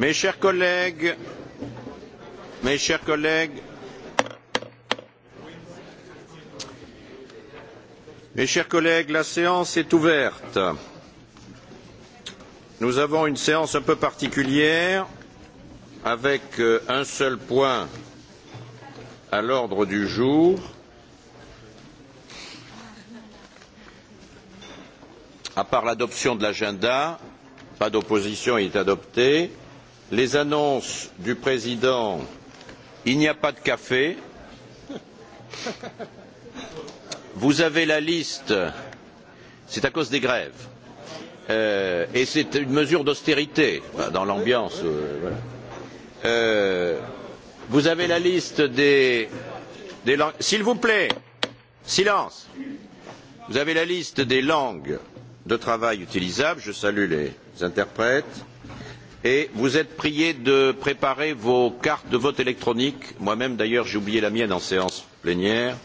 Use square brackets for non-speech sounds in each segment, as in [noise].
Mes chers collègues, mes chers collègues, mes chers collègues, la séance est ouverte. Nous avons une séance un peu particulière avec euh, un seul point à l'ordre du jour. À part l'adoption de l'agenda, pas d'opposition, il est adopté. Euh, les annonces du président il n'y a pas de café vous avez la liste c'est à cause des grèves euh, et c'est une mesure d'austérité dans l'ambiance euh, voilà. euh, vous avez la liste des, des langues s'il vous plaît silence vous avez la liste des langues de travail utilisables je salue les interprètes et vous êtes priés de préparer vos cartes de vote électroniques. Moi même d'ailleurs j'ai oublié la mienne en séance plénière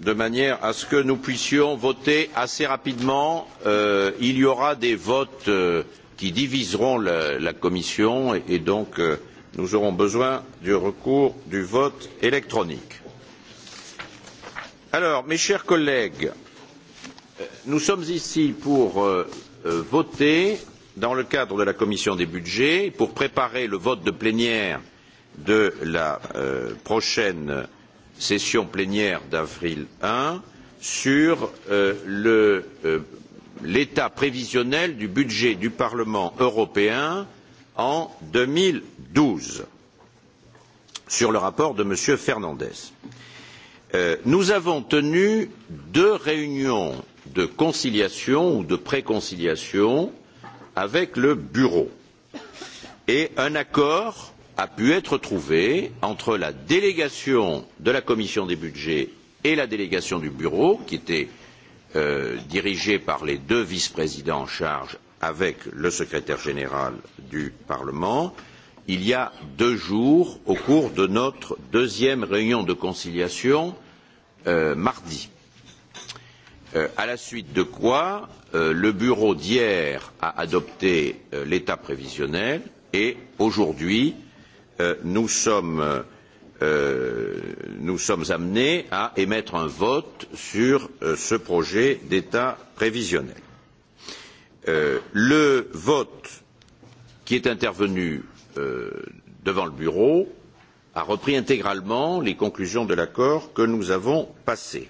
de manière à ce que nous puissions voter assez rapidement. Euh, il y aura des votes euh, qui diviseront la, la commission et, et donc euh, nous aurons besoin du recours du vote électronique. Alors, mes chers collègues, euh, nous sommes ici pour euh, Euh, voté dans le cadre de la commission des budgets pour préparer le vote de plénière de la euh, prochaine session plénière d'avril 1 sur euh, euh l'état euh, prévisionnel du budget du Parlement européen en 2012 sur le rapport de M. Fernandez. Euh, nous avons tenu deux réunions de conciliation ou de préconciliation avec le bureau et un accord a pu être trouvé entre la délégation de la commission des budgets et la délégation du bureau qui était euh, dirigée par les deux vice présidents en charge avec le secrétaire général du Parlement il y a deux jours au cours de notre deuxième réunion de conciliation euh, mardi euh, à la suite de quoi euh, le bureau d'hier a adopté euh, l'état prévisionnel et aujourd'hui euh, nous sommes euh, nous sommes amenés à émettre un vote sur euh, ce projet d'état prévisionnel. Euh, le vote qui est intervenu euh, devant le bureau a repris intégralement les conclusions de l'accord que nous avons passé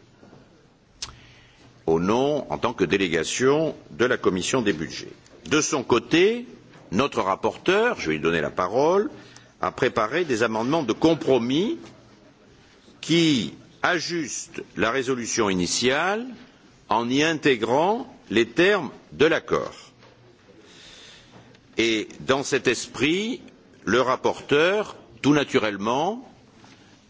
au nom, en tant que délégation, de la commission des budgets. De son côté, notre rapporteur, je vais lui donner la parole, a préparé des amendements de compromis qui ajustent la résolution initiale en y intégrant les termes de l'accord. Et dans cet esprit, le rapporteur, tout naturellement,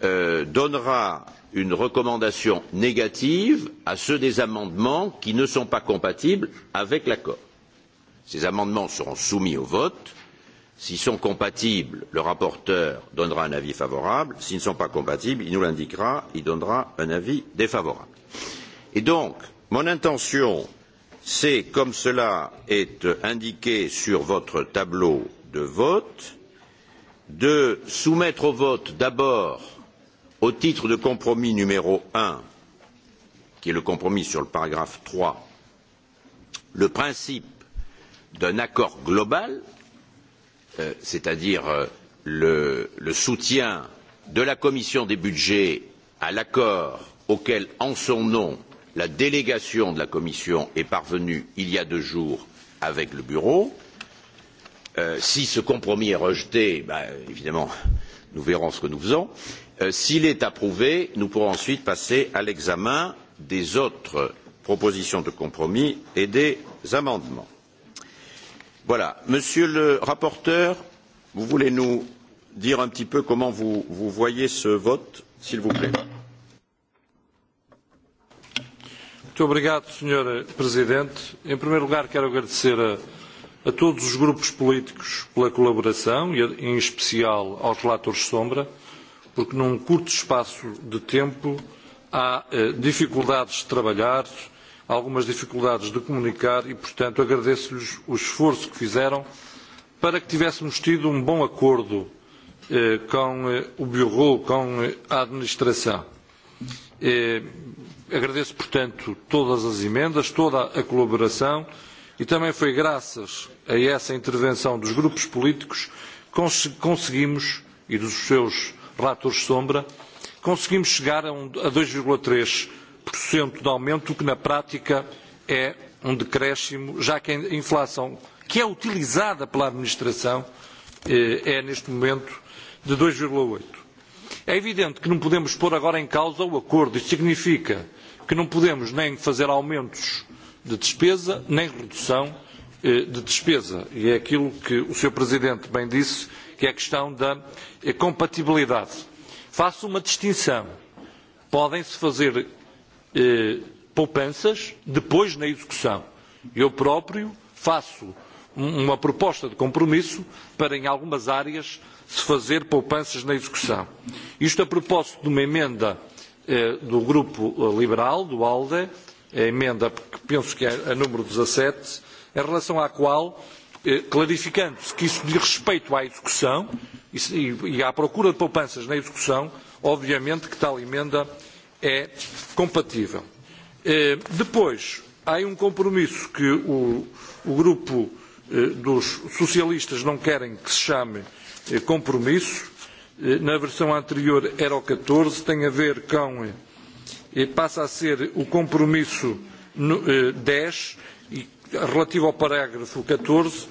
euh, donnera une recommandation négative à ceux des amendements qui ne sont pas compatibles avec l'accord. Ces amendements seront soumis au vote. S'ils sont compatibles, le rapporteur donnera un avis favorable. S'ils ne sont pas compatibles, il nous l'indiquera, il donnera un avis défavorable. Et donc, mon intention, c'est, comme cela est indiqué sur votre tableau de vote, de soumettre au vote d'abord au titre de compromis numéro un qui est le compromis sur le paragraphe trois le principe d'un accord global euh, c'est à dire euh, le, le soutien de la commission des budgets à l'accord auquel en son nom la délégation de la commission est parvenue il y a deux jours avec le bureau. Euh, si ce compromis est rejeté, ben, évidemment, nous verrons ce que nous faisons. Euh, Euh, s'il est approuvé, nous pourrons ensuite passer à l'examen des autres propositions de compromis et des amendements. Voilà. Monsieur le rapporteur, vous voulez nous dire un petit peu comment vous, vous voyez ce vote, s'il vous plaît Muito obrigado, Sr. Presidente. Em primeiro lugar, quero agradecer a, a todos os grupos políticos pela colaboração e, em especial, aos relatores Sombra. Uh, porque num curto espaço de tempo há eh, dificuldades de trabalhar, algumas dificuldades de comunicar e, portanto, agradeço-lhes o esforço que fizeram para que tivéssemos tido um bom acordo eh, com eh, o Bureau, com eh, a administração. Eh, agradeço, portanto, todas as emendas, toda a colaboração e também foi graças a essa intervenção dos grupos políticos que conseguimos e dos seus relatores sombra, conseguimos chegar a, um, a 2,3% de aumento, o que na prática é um decréscimo, já que a inflação que é utilizada pela administração eh, é neste momento de 2,8. É evidente que não podemos pôr agora em causa o acordo. Isto significa que não podemos nem fazer aumentos de despesa, nem redução Eh, de despesa. E é aquilo que o Sr. Presidente bem disse, que é a questão da eh, compatibilidade. Faço uma distinção. Podem-se fazer eh, poupanças depois na execução. Eu próprio faço um, uma proposta de compromisso para, em algumas áreas, se fazer poupanças na execução. Isto a propósito de uma emenda eh, do Grupo Liberal, do ALDE, a emenda que penso que é a número 17, em relação à qual, eh, clarificando-se que isso diz respeito à execução e, e, e à procura de poupanças na execução, obviamente que tal emenda é compatível. Eh, depois, há um compromisso que o, o grupo eh, dos socialistas não querem que se chame compromisso. Na versão anterior era o 14, tem a ver com, passa a ser o compromisso 10, relativo ao parágrafo 14,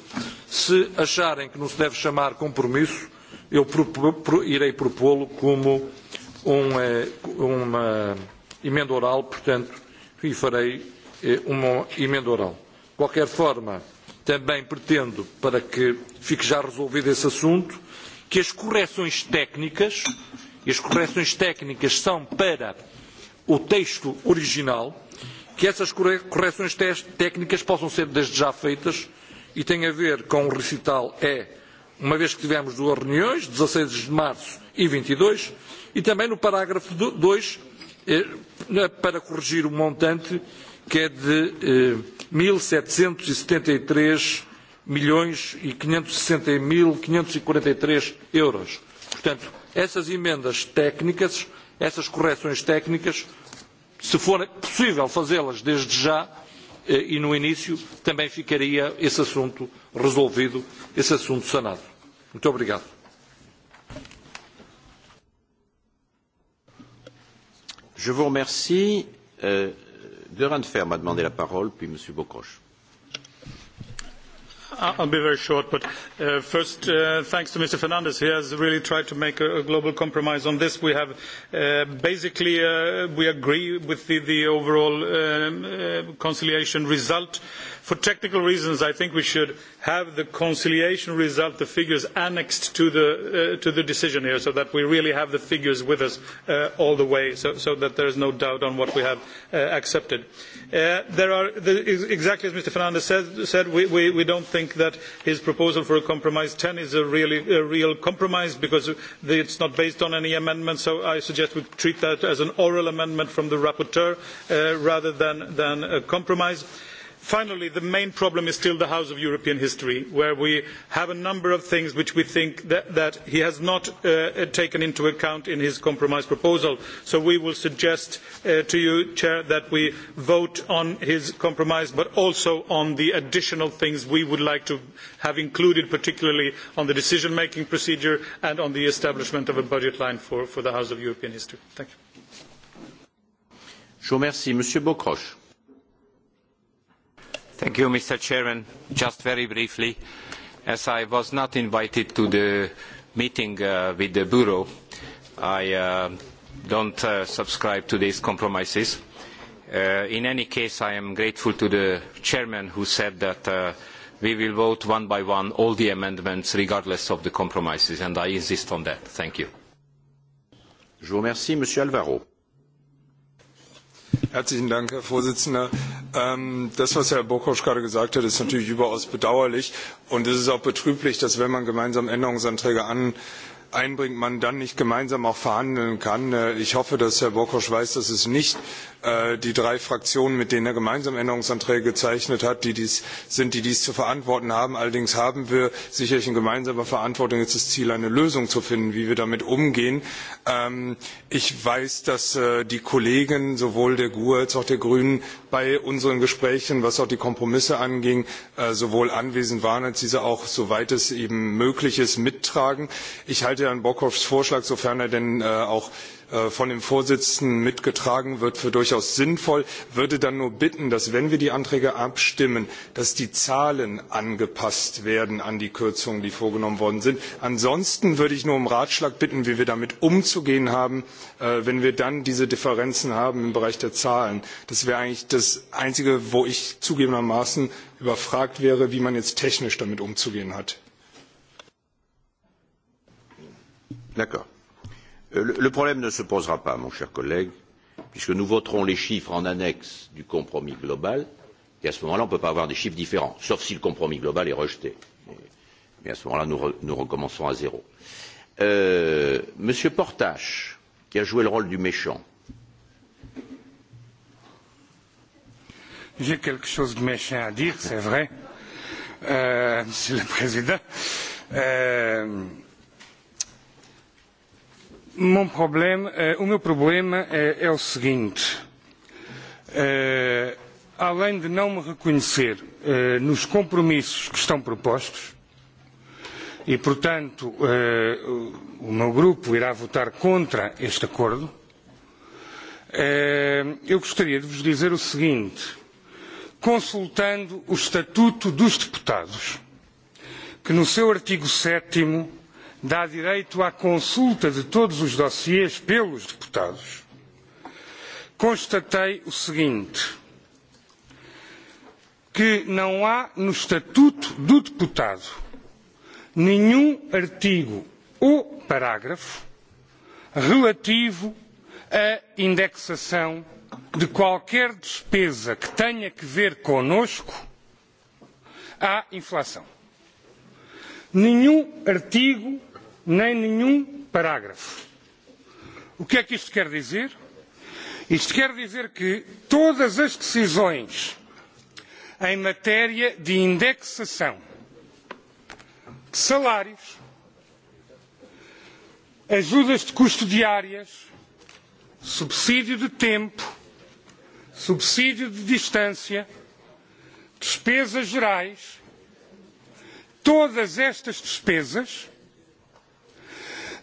se acharem que não se deve chamar compromisso, eu propo, irei propô-lo como um, eh, uma emenda oral, portanto, e farei eh, uma emenda oral. De qualquer forma, também pretendo, para que fique já resolvido esse assunto, que as correções técnicas, e as correções técnicas são para o texto original, que essas correções técnicas possam ser desde já feitas e tem a ver com o recital E, uma vez que tivemos duas reuniões, 16 de março e 22, e, e também no parágrafo 2, eh, para corrigir o montante que é de eh, 1.773 e e milhões e 560.543 euros. Portanto, essas emendas técnicas, essas correções técnicas, se for possível fazê-las desde já eh, e no início, também ficaria esse assunto resolvido, esse assunto sanado. Muito obrigado. Je vous remercie. Euh, Göran Ferm a demandé la parole, puis M. Bocoche. I'll be very short, but uh, first, uh, thanks to Mr. Fernandez. He has really tried to make a, a global compromise on this. We have uh, basically, uh, we agree with the, the overall um, uh, conciliation result. Uh, for technical reasons i think we should have the conciliation result the figures annexed to the uh, to the decision here so that we really have the figures with us uh, all the way so, so that there is no doubt on what we have uh, accepted uh, there are the, exactly as mr fernandez said, said we, we, we don't think that his proposal for a compromise 10 is a really a real compromise because it's not based on any amendment so i suggest we treat that as an oral amendment from the rapporteur uh, rather than, than a compromise uh, finally the main problem is still the house of european history where we have a number of things which we think that, that he has not uh, uh, taken into account in his compromise proposal so we will suggest uh, to you chair that we vote on his compromise but also on the additional things we would like to have included particularly on the decision making procedure and on the establishment of a budget line for, for the house of european history. thank you. Je vous remercie. Monsieur Bocroche. Thank you, Mr. Chairman. Just very briefly, as I was not invited to the meeting uh, with the Bureau, I uh, don't uh, subscribe to these compromises. Uh, in any case, I am grateful to the Chairman who said that uh, we will vote one by one all the amendments regardless of the compromises, and I insist on that. Thank you. Je vous remercie, Monsieur Alvaro. Herzlichen Dank, Herr Vorsitzender. Ähm, das, was Herr Burkhoff gerade gesagt hat, ist natürlich überaus bedauerlich. Und es ist auch betrüblich, dass wenn man gemeinsam Änderungsanträge an einbringt, man dann nicht gemeinsam auch verhandeln kann. Äh, ich hoffe, dass Herr Bokosch weiß, dass es nicht äh, die drei Fraktionen, mit denen er gemeinsam Änderungsanträge gezeichnet hat, die dies sind, die dies zu verantworten haben. Allerdings haben wir sicherlich in gemeinsamer Verantwortung jetzt das Ziel, eine Lösung zu finden, wie wir damit umgehen. Ähm, ich weiß, dass äh, die Kollegen sowohl der GUE als auch der Grünen bei unseren Gesprächen, was auch die Kompromisse anging, äh, sowohl anwesend waren, als diese auch, soweit es eben möglich ist, mittragen. Ich halte halte Herrn Bockhoffs Vorschlag, sofern er denn äh, auch äh, von dem Vorsitzenden mitgetragen wird, für durchaus sinnvoll. Würde dann nur bitten, dass wenn wir die Anträge abstimmen, dass die Zahlen angepasst werden an die Kürzungen, die vorgenommen worden sind. Ansonsten würde ich nur um Ratschlag bitten, wie wir damit umzugehen haben, äh, wenn wir dann diese Differenzen haben im Bereich der Zahlen. Das wäre eigentlich das Einzige, wo ich zugegebenermaßen überfragt wäre, wie man jetzt technisch damit umzugehen hat. D'accord. Euh, le, le problème ne se posera pas, mon cher collègue, puisque nous voterons les chiffres en annexe du compromis global, et à ce moment-là, on ne peut pas avoir des chiffres différents, sauf si le compromis global est rejeté. Mais, mais à ce moment-là, nous, re, nous recommençons à zéro. Euh, Monsieur Portache, qui a joué le rôle du méchant. J'ai quelque chose de méchant à dire, c'est vrai, euh, Monsieur le Président. Euh, Meu problema, eh, o meu problema é, eh, é o seguinte. É, eh, além de não me reconhecer é, nos compromissos que estão propostos, e, portanto, eh, o meu grupo irá votar contra este acordo. Eh, eu gostaria de vos dizer o seguinte: consultando o Estatuto dos Deputados, que no seu artigo 7 dá direito à consulta de todos os dossiês pelos deputados. Constatei o seguinte, que não há no Estatuto do Deputado nenhum artigo ou parágrafo relativo à indexação de qualquer despesa que tenha que ver connosco à inflação. Nenhum artigo nem nenhum parágrafo. O que é que isto quer dizer? Isto quer dizer que todas as decisões em matéria de indexação de salários, ajudas de custo diárias, subsídio de tempo, subsídio de distância, despesas gerais, todas estas despesas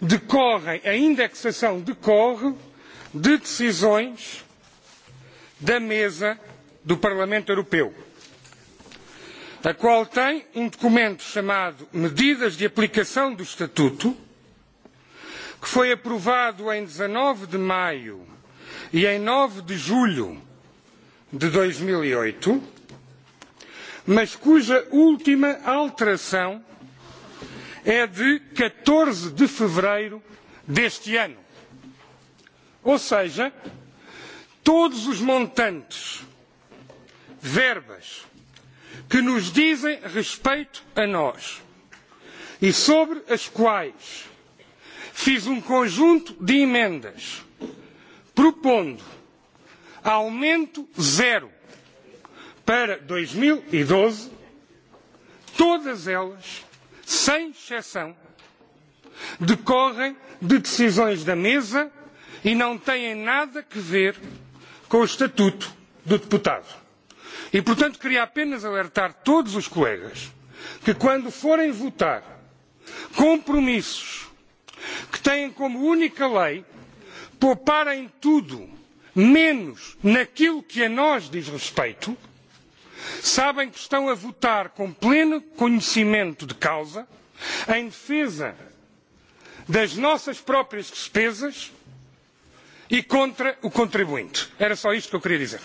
decorrem, a indexação decorre de decisões da mesa do Parlamento Europeu, a qual tem um documento chamado Medidas de Aplicação do Estatuto, que foi aprovado em 19 de maio e em 9 de julho de 2008, e mas cuja última alteração é de 14 de fevereiro deste ano. Ou seja, todos os montantes, verbas, que nos dizem respeito a nós e sobre as quais fiz um conjunto de emendas propondo aumento zero para 2012, e todas elas sem exceção, decorrem de decisões da mesa e não têm nada que ver com o estatuto do deputado. E, portanto, queria apenas alertar todos os colegas que, quando forem votar compromissos que têm como única lei poupar em tudo menos naquilo que a nós diz respeito, sabem que estão a votar com pleno conhecimento de causa em defesa das nossas próprias despesas e contra o contribuinte. Era só isto que eu queria dizer.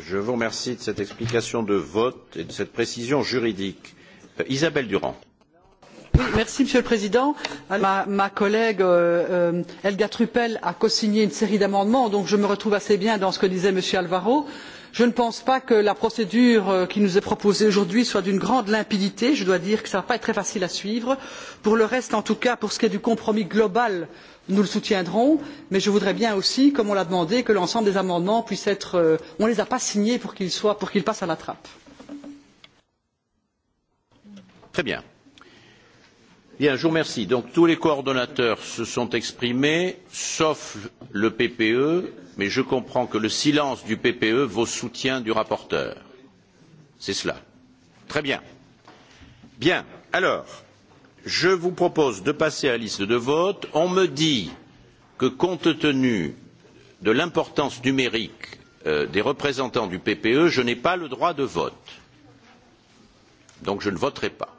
Je vous remercie de cette explication de vote et de cette précision juridique. Euh, Isabelle Durand Merci, monsieur le président ma, ma collègue euh, euh, helga truppel a cosigné une série d'amendements donc je me retrouve assez bien dans ce que disait m. alvaro. je ne pense pas que la procédure euh, qui nous est proposée aujourd'hui soit d'une grande limpidité je dois dire que cela ne va pas être très facile à suivre. pour le reste en tout cas pour ce qui est du compromis global nous le soutiendrons mais je voudrais bien aussi comme on l'a demandé que l'ensemble des amendements puissent être euh, on ne les a pas signés pour qu'ils qu passent à la trappe. très bien. Bien, je vous remercie. Donc tous les coordonnateurs se sont exprimés, sauf le PPE, mais je comprends que le silence du PPE vaut soutien du rapporteur. C'est cela. Très bien. Bien. Alors, je vous propose de passer à la liste de vote. On me dit que compte tenu de l'importance numérique euh, des représentants du PPE, je n'ai pas le droit de vote. Donc je ne voterai pas.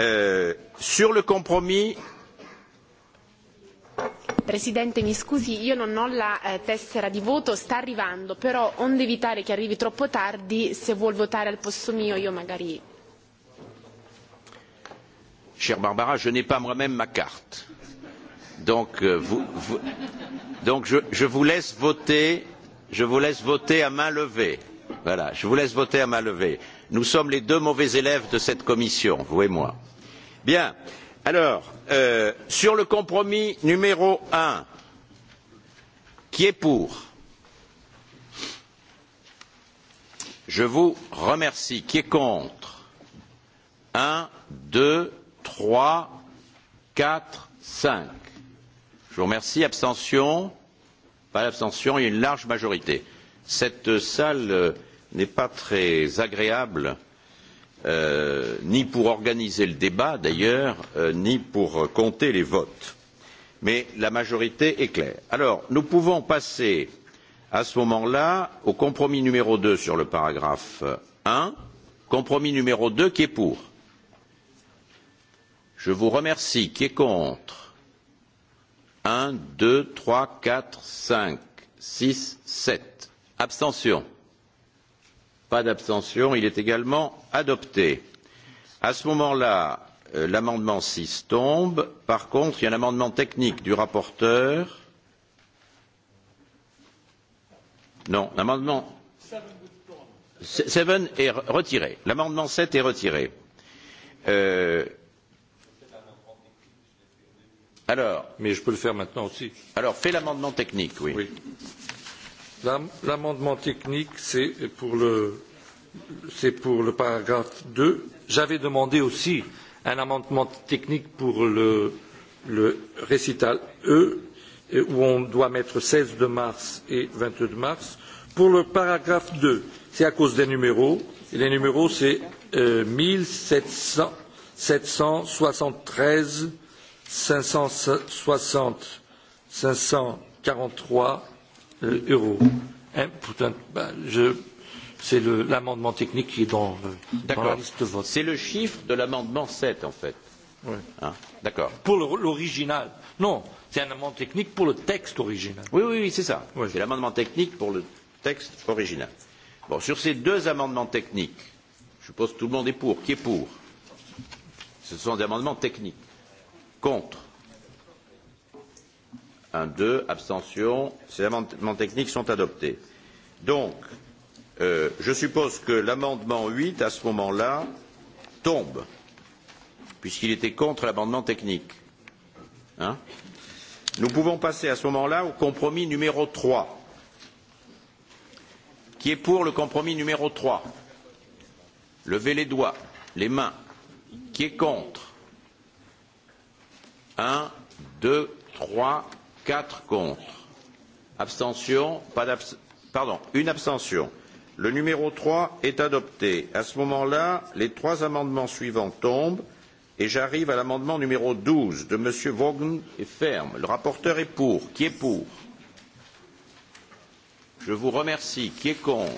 Euh, sur le compromis Presidente, mi scusi, io non ho la eh, tessera di voto, sta arrivando, però onde evitare che arrivi troppo tardi, se vuol votare al posto mio io magari. Chère Barbara, je n'ai pas moi-même ma carte. Donc, euh, vous, vous, donc je, je, vous laisse voter, je vous laisse voter à main levée. Voilà, je vous laisse voter à main levée nous sommes les deux mauvais élèves de cette commission vous et moi. bien alors euh, sur le compromis numéro un qui est pour? je vous remercie qui est contre? un deux trois quatre cinq je vous remercie abstention pas d'abstention il y a une large majorité. cette salle euh, n'est pas très agréable euh, ni pour organiser le débat d'ailleurs, euh, ni pour euh, compter les votes. Mais la majorité est claire. Alors, nous pouvons passer à ce moment là au compromis numéro deux sur le paragraphe un compromis numéro deux qui est pour. Je vous remercie. Qui est contre Un, deux, trois, quatre, cinq, six, sept. Abstention pas d'abstention il est également adopté. à ce moment là euh, l'amendement six tombe par contre il y a un amendement technique du rapporteur non l'amendement seven est retiré l'amendement sept est retiré euh... alors mais je peux le faire maintenant aussi alors fais l'amendement technique oui, oui L'amendement technique, c'est pour, le, pour le paragraphe 2. J'avais demandé aussi un amendement technique pour le, le récital E, où on doit mettre 16 de mars et 22 de mars. Pour le paragraphe 2, c'est à cause des numéros. Et les numéros, c'est euh, 1700, 773, 560, 543, euh, euros. Hein, pourtant, ben, je, c'est le, l'amendement technique qui est dans, le, euh, dans la liste de vote. C'est le chiffre de l'amendement 7, en fait. Oui. Hein D'accord. Pour le, l'original. Non, c'est un amendement technique pour le texte original. Oui, oui, oui c'est ça. Oui. C'est l'amendement technique pour le texte original. Bon, sur ces deux amendements techniques, je suppose que tout le monde est pour. Qui est pour Ce sont des amendements techniques. Contre 1, 2, abstention. Ces amendements techniques sont adoptés. Donc, euh, je suppose que l'amendement 8, à ce moment-là, tombe, puisqu'il était contre l'amendement technique. Hein Nous pouvons passer à ce moment-là au compromis numéro 3. Qui est pour le compromis numéro 3 Levez les doigts, les mains. Qui est contre 1, 2, 3, 4 contre. Abstention, pas d'abstention. Pardon, une abstention. Le numéro 3 est adopté. À ce moment-là, les trois amendements suivants tombent et j'arrive à l'amendement numéro 12 de M. Vaughan et Ferme. Le rapporteur est pour. Qui est pour Je vous remercie. Qui est contre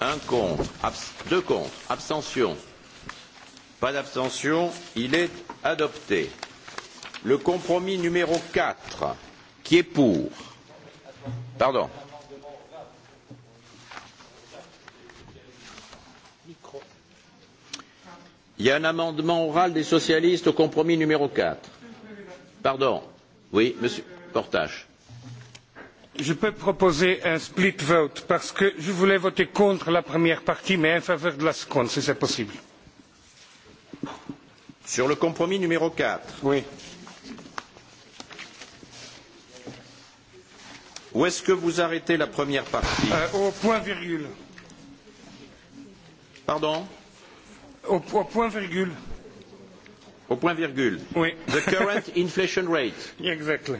Un contre. Abs deux contre. Abstention. Pas d'abstention. Il est adopté le compromis numéro quatre qui est pour pardon il y a un amendement oral des socialistes au compromis numéro quatre pardon oui monsieur portage je peux proposer un split vote parce que je voulais voter contre la première partie mais en faveur de la seconde si c'est possible. sur le compromis numéro quatre oui Où est-ce que vous arrêtez la première partie euh, Au point virgule. Pardon au, au point virgule. Au point virgule. Oui. The current [laughs] inflation rate. Exactly.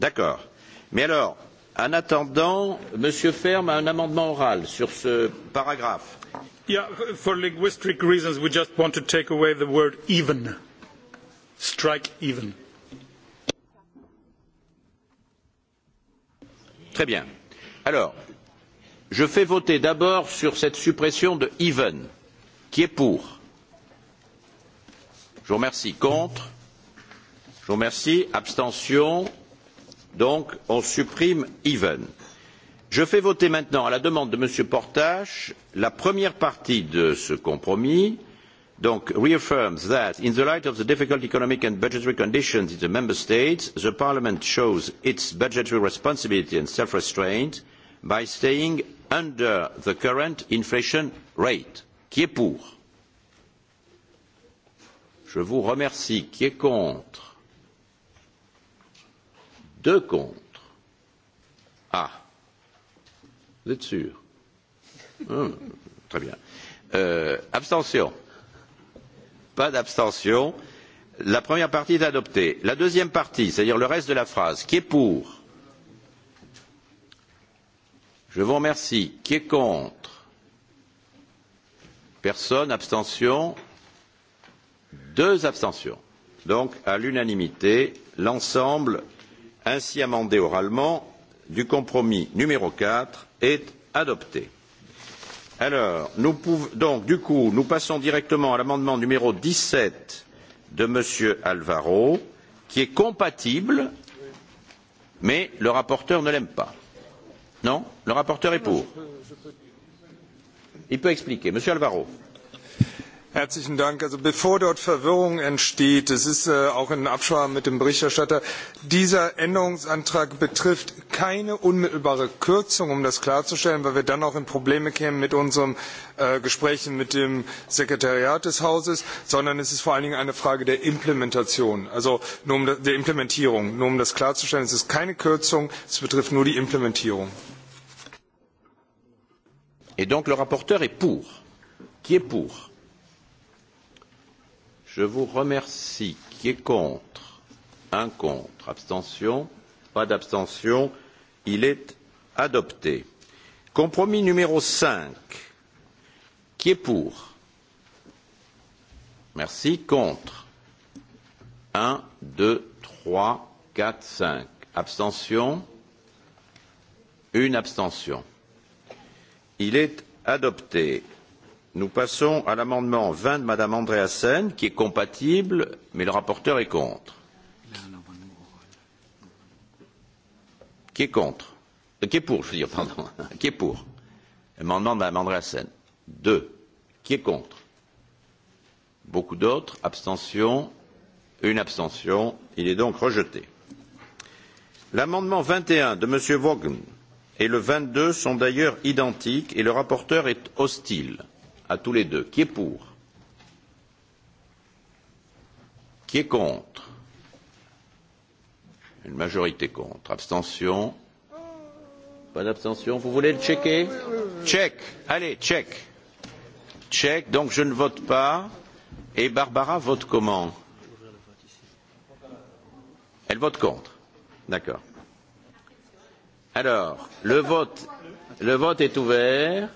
D'accord. Mais alors, en attendant, M. Ferme a un amendement oral sur ce paragraphe. Yeah, for linguistic reasons, we just want to take away the word even. Strike even Très bien. Alors, je fais voter d'abord sur cette suppression de even. Qui est pour Je vous remercie. Contre Je vous remercie. Abstention Donc, on supprime even. Je fais voter maintenant, à la demande de M. Portage, la première partie de ce compromis. Euh, donc reaffirms that in the light of the difficult economic and budgetary conditions in the member states the parliament shows its budgetary responsibility and self restraint by staying under the current inflation rate. qui est pour? je vous remercie. qui est contre? deux contre. ah. vous êtes sûr? Hum, très bien. Euh, abstention pas d'abstention la première partie est adoptée. la deuxième partie c'est à dire le reste de la phrase qui est pour? je vous remercie. qui est contre? personne. abstention? deux abstentions. donc à l'unanimité l'ensemble ainsi amendé oralement du compromis n quatre est adopté. Alors, nous pouvons donc du coup nous passons directement à l'amendement numéro dix sept de m. alvaro qui est compatible mais le rapporteur ne l'aime pas. non le rapporteur est pour. il peut expliquer. monsieur alvaro. Herzlichen Dank. Also bevor dort Verwirrung entsteht, es ist äh, auch in Absprache mit dem Berichterstatter, dieser Änderungsantrag betrifft keine unmittelbare Kürzung, um das klarzustellen, weil wir dann auch in Probleme kämen mit unseren äh, Gesprächen mit dem Sekretariat des Hauses, sondern es ist vor allen Dingen eine Frage der Implementation, also nur um der Implementierung. Nur um das klarzustellen, es ist keine Kürzung, es betrifft nur die Implementierung. Et donc le rapporteur est pour. Qui est pour Je vous remercie. Qui est contre Un contre. Abstention Pas d'abstention. Il est adopté. Compromis numéro 5. Qui est pour Merci. Contre 1, 2, 3, 4, 5. Abstention Une abstention. Il est adopté nous passons à l'amendement vingt de mme andreasen qui est compatible mais le rapporteur est contre. qui est contre euh, qui est pour je veux dire pardon [laughs] qui est pour l'amendement de mme andreasen deux qui est contre beaucoup d'autres abstention une abstention il est donc rejeté. l'amendement vingt et un de m. vaughan et le vingt deux sont d'ailleurs identiques et le rapporteur est hostile à tous les deux. Qui est pour Qui est contre Une majorité contre. Abstention Pas d'abstention Vous voulez le checker Check. Allez, check. Check. Donc je ne vote pas. Et Barbara vote comment Elle vote contre. D'accord. Alors, le vote, le vote est ouvert.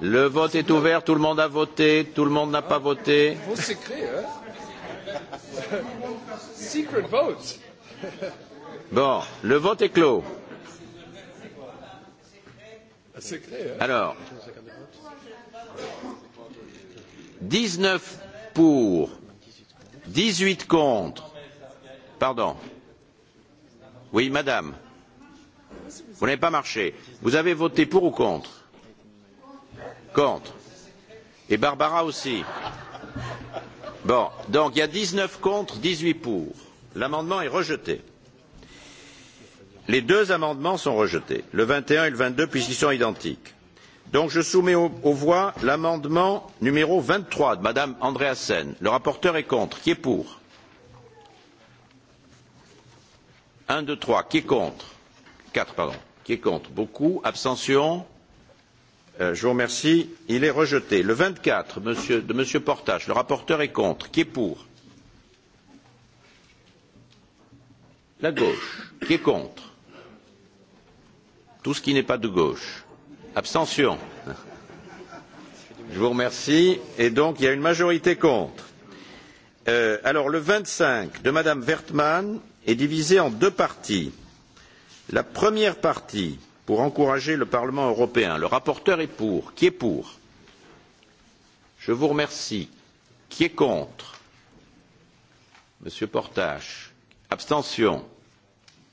Le vote est ouvert, tout le monde a voté, tout le monde n'a pas voté. Ah, vote secret, hein Secret vote. Bon, le vote est clos. Ah, Alors, 19 pour, 18 contre. Pardon. Oui, madame. Vous n'avez pas marché. Vous avez voté pour ou contre Contre. Et Barbara aussi. Bon, donc il y a 19 contre, 18 pour. L'amendement est rejeté. Les deux amendements sont rejetés, le 21 et le 22, puisqu'ils sont identiques. Donc je soumets aux au voix l'amendement numéro 23 de Madame Andreasen. Le rapporteur est contre. Qui est pour Un, deux, trois. Qui est contre Quatre, pardon. Qui est contre Beaucoup. Abstention Euh, je vous remercie. Il est rejeté. Le 24 monsieur, de M. Portage, le rapporteur est contre. Qui est pour La gauche. Qui est contre Tout ce qui n'est pas de gauche. Abstention. Je vous remercie. Et donc, il y a une majorité contre. Euh, alors, le 25 de Mme Wertmann est divisé en deux parties. La première partie, euh, pour encourager le Parlement européen. Le rapporteur est pour. Qui est pour Je vous remercie. Qui est contre Monsieur Portache. Abstention.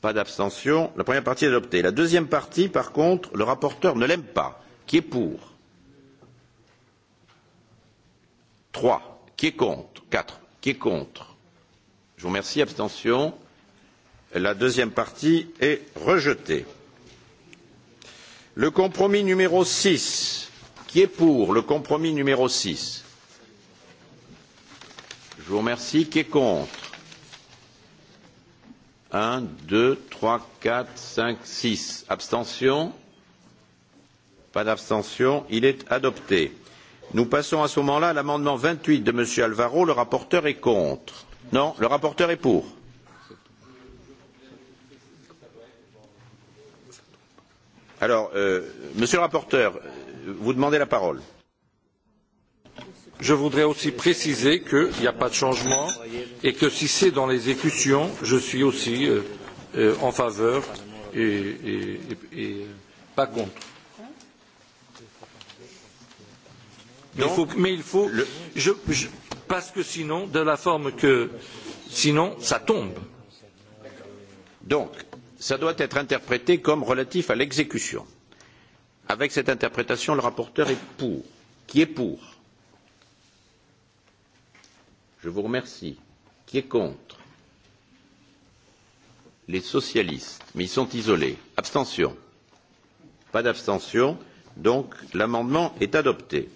Pas d'abstention. La première partie est adoptée. La deuxième partie, par contre, le rapporteur ne l'aime pas. Qui est pour Trois. Qui est contre Quatre. Qui est contre Je vous remercie. Abstention. La deuxième partie est rejetée le compromis numéro six qui est pour le compromis numéro six je vous remercie qui est contre un deux trois quatre cinq six abstention pas d'abstention il est adopté nous passons à ce moment là à l'amendement vingt huit de m. alvaro le rapporteur est contre non le rapporteur est pour Alors, euh, monsieur le rapporteur vous demandez la parole. je voudrais aussi préciser qu'il n'y a pas de changement et que si c'est dans l'exécution je suis aussi euh, euh, en faveur et, et, et, et pas contre. Donc, il faut, mais il faut le... je, je, parce que sinon de la forme que sinon ça tombe. Donc ça doit être interprété comme relatif à l'exécution. Avec cette interprétation, le rapporteur est pour. Qui est pour Je vous remercie. Qui est contre Les socialistes, mais ils sont isolés. Abstention Pas d'abstention. Donc l'amendement est adopté.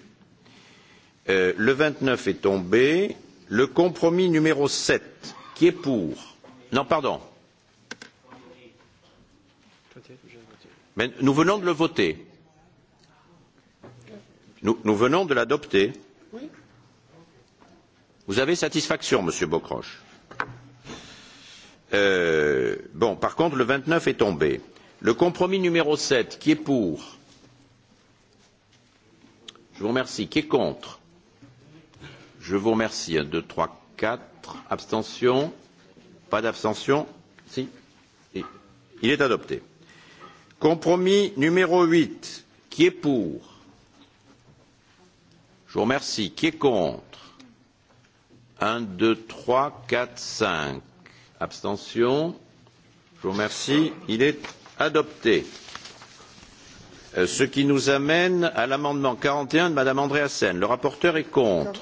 Euh, le 29 est tombé. Le compromis numéro 7, qui est pour Non, pardon. Mais nous venons de le voter. Nous, nous venons de l'adopter. Oui. Vous avez satisfaction, Monsieur Bocroche. Euh, bon, par contre, le 29 est tombé. Le compromis numéro 7, qui est pour Je vous remercie. Qui est contre Je vous remercie. 1, 2, 3, 4. Abstention Pas d'abstention Si. Il est adopté compromis numéro huit qui est pour je vous remercie qui est contre un deux trois quatre cinq abstention je vous remercie il est adopté euh, ce qui nous amène à l'amendement quarante et un de mme andreasen. le rapporteur est contre.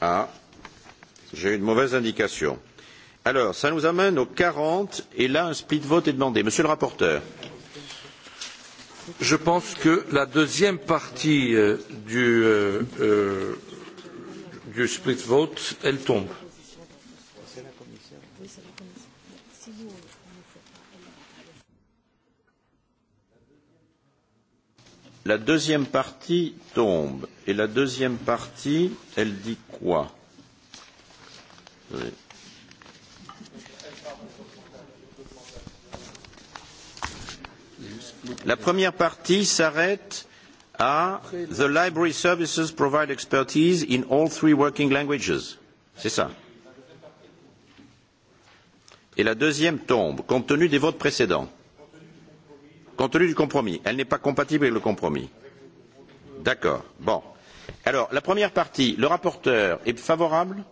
Ah j'ai une mauvaise indication. alors ça nous amène au quarante et là un split vote est demandé. monsieur le rapporteur je pense que la deuxième partie euh, du, euh, euh, du split vote elle tombe. La deuxième partie tombe. Et la deuxième partie, elle dit quoi Oui. La première partie s'arrête à The library services provide expertise in all three working languages. C'est ça. Et la deuxième tombe, compte tenu des votes précédents. Compte tenu du compromis. Elle n'est pas compatible avec le compromis. D'accord. Bon. Alors, la première partie, le rapporteur est favorable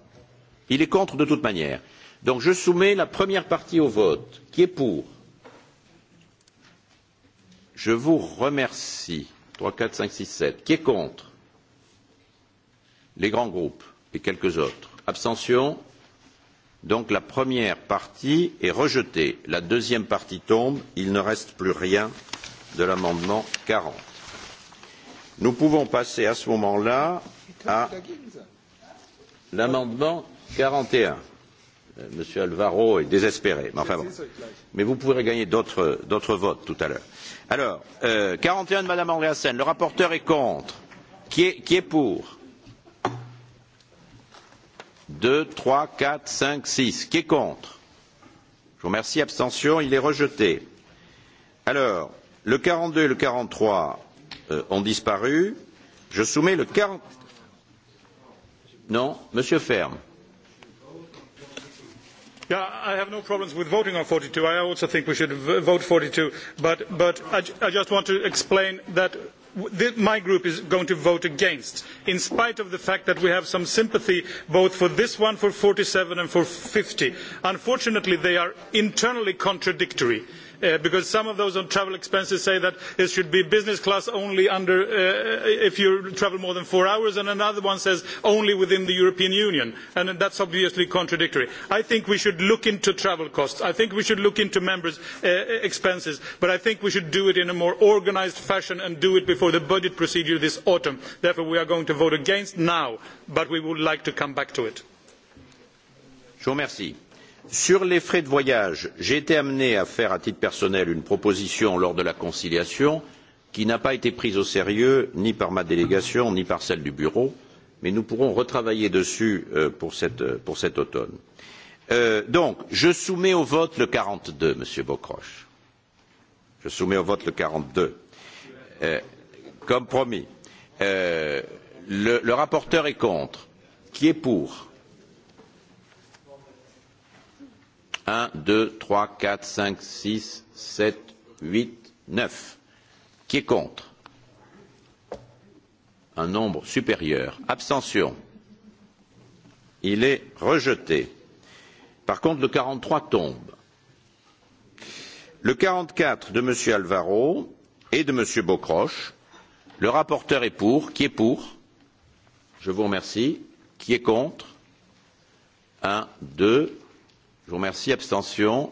Il est contre de toute manière. Donc je soumets la première partie au vote. Qui est pour Je vous remercie. 3, 4, 5, 6, 7. Qui est contre Les grands groupes et quelques autres. Abstention Donc la première partie est rejetée. La deuxième partie tombe. Il ne reste plus rien de l'amendement 40. Nous pouvons passer à ce moment-là à l'amendement quarante et un monsieur alvaro est désespéré mais enfin bon mais vous pourrez gagner d'autres votes tout à l'heure. alors euh, quarante et un de madame andreasen le rapporteur est contre qui est, qui est pour deux trois quatre cinq six qui est contre je vous remercie abstention il est rejeté. alors le quarante deux et le quarante trois euh, ont disparu je soumets le quarante non monsieur ferme Yeah, I have no problems with voting on 42. I also think we should vote 42. But, but I, I just want to explain that my group is going to vote against in spite of the fact that we have some sympathy both for this one for forty seven and for fifty unfortunately they are internally contradictory uh, because some of those on travel expenses say that it should be business class only under uh, if you travel more than four hours, and another one says only within the European Union, and that's obviously contradictory. I think we should look into travel costs. I think we should look into members' uh, expenses, but I think we should do it in a more organised fashion and do it before the budget procedure this autumn. Therefore, we are going to vote against now, but we would like to come back to it. Je vous remercie Sur les frais de voyage, j'ai été amené à faire à titre personnel une proposition lors de la conciliation qui n'a pas été prise au sérieux ni par ma délégation ni par celle du bureau, mais nous pourrons retravailler dessus euh, pour, cette, euh, pour cet automne. Euh, donc, je soumets au vote le 42, Monsieur Bocroche. Je soumets au vote le 42. Euh, comme promis. Euh, le, le rapporteur est contre. Qui est pour 1, 2, 3, 4, 5, 6, 7, 8, 9. Qui est contre Un nombre supérieur. Abstention. Il est rejeté. Par contre, le 43 tombe. Le 44 de M. Alvaro et de M. Bocroche. Le rapporteur est pour. Qui est pour Je vous remercie. Qui est contre 1, 2, je vous remercie abstention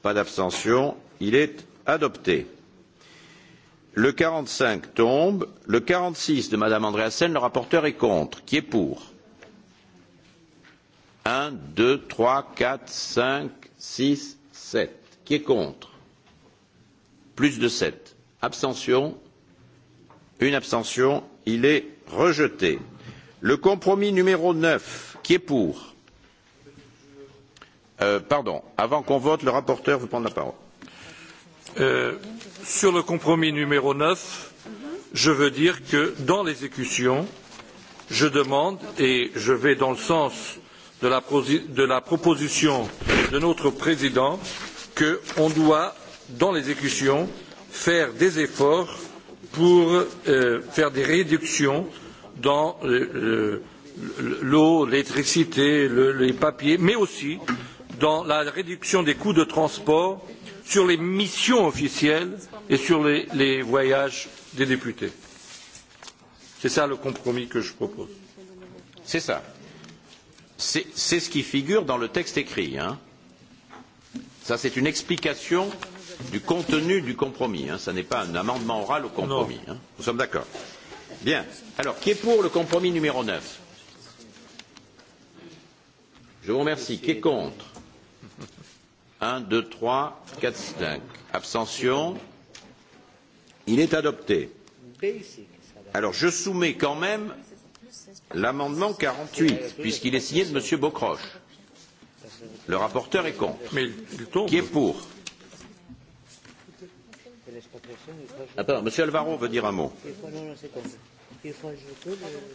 pas d'abstention il est adopté le quarante cinq tombe le quarante six de mme andreasen le rapporteur est contre qui est pour un deux trois quatre cinq six sept qui est contre plus de sept abstention une abstention il est rejeté le compromis numéro neuf qui est pour Euh, pardon, avant qu'on vote, le rapporteur veut prendre la parole. Euh, sur le compromis numéro 9, je veux dire que dans l'exécution, je demande, et je vais dans le sens de la, de la proposition de notre président, qu'on doit, dans l'exécution, faire des efforts pour euh, faire des réductions dans euh, l'eau, l'électricité, le, les papiers, mais aussi euh, dans la réduction des coûts de transport sur les missions officielles et sur les, les voyages des députés. C'est ça le compromis que je propose. C'est ça. C'est ce qui figure dans le texte écrit. Hein. Ça, c'est une explication du contenu du compromis. Hein. Ça n'est pas un amendement oral au compromis. Non. Hein. Nous sommes d'accord. Bien. Alors, qui est pour le compromis numéro 9 Je vous remercie. Qui est contre 1, 2, 3, 4, 5. Abstention. Il est adopté. Alors je soumets quand même l'amendement 48, puisqu'il est signé de M. Bocroche. Le rapporteur est contre. Mais il tombe. Qui est pour Attends, ah, M. Alvaro veut dire un mot.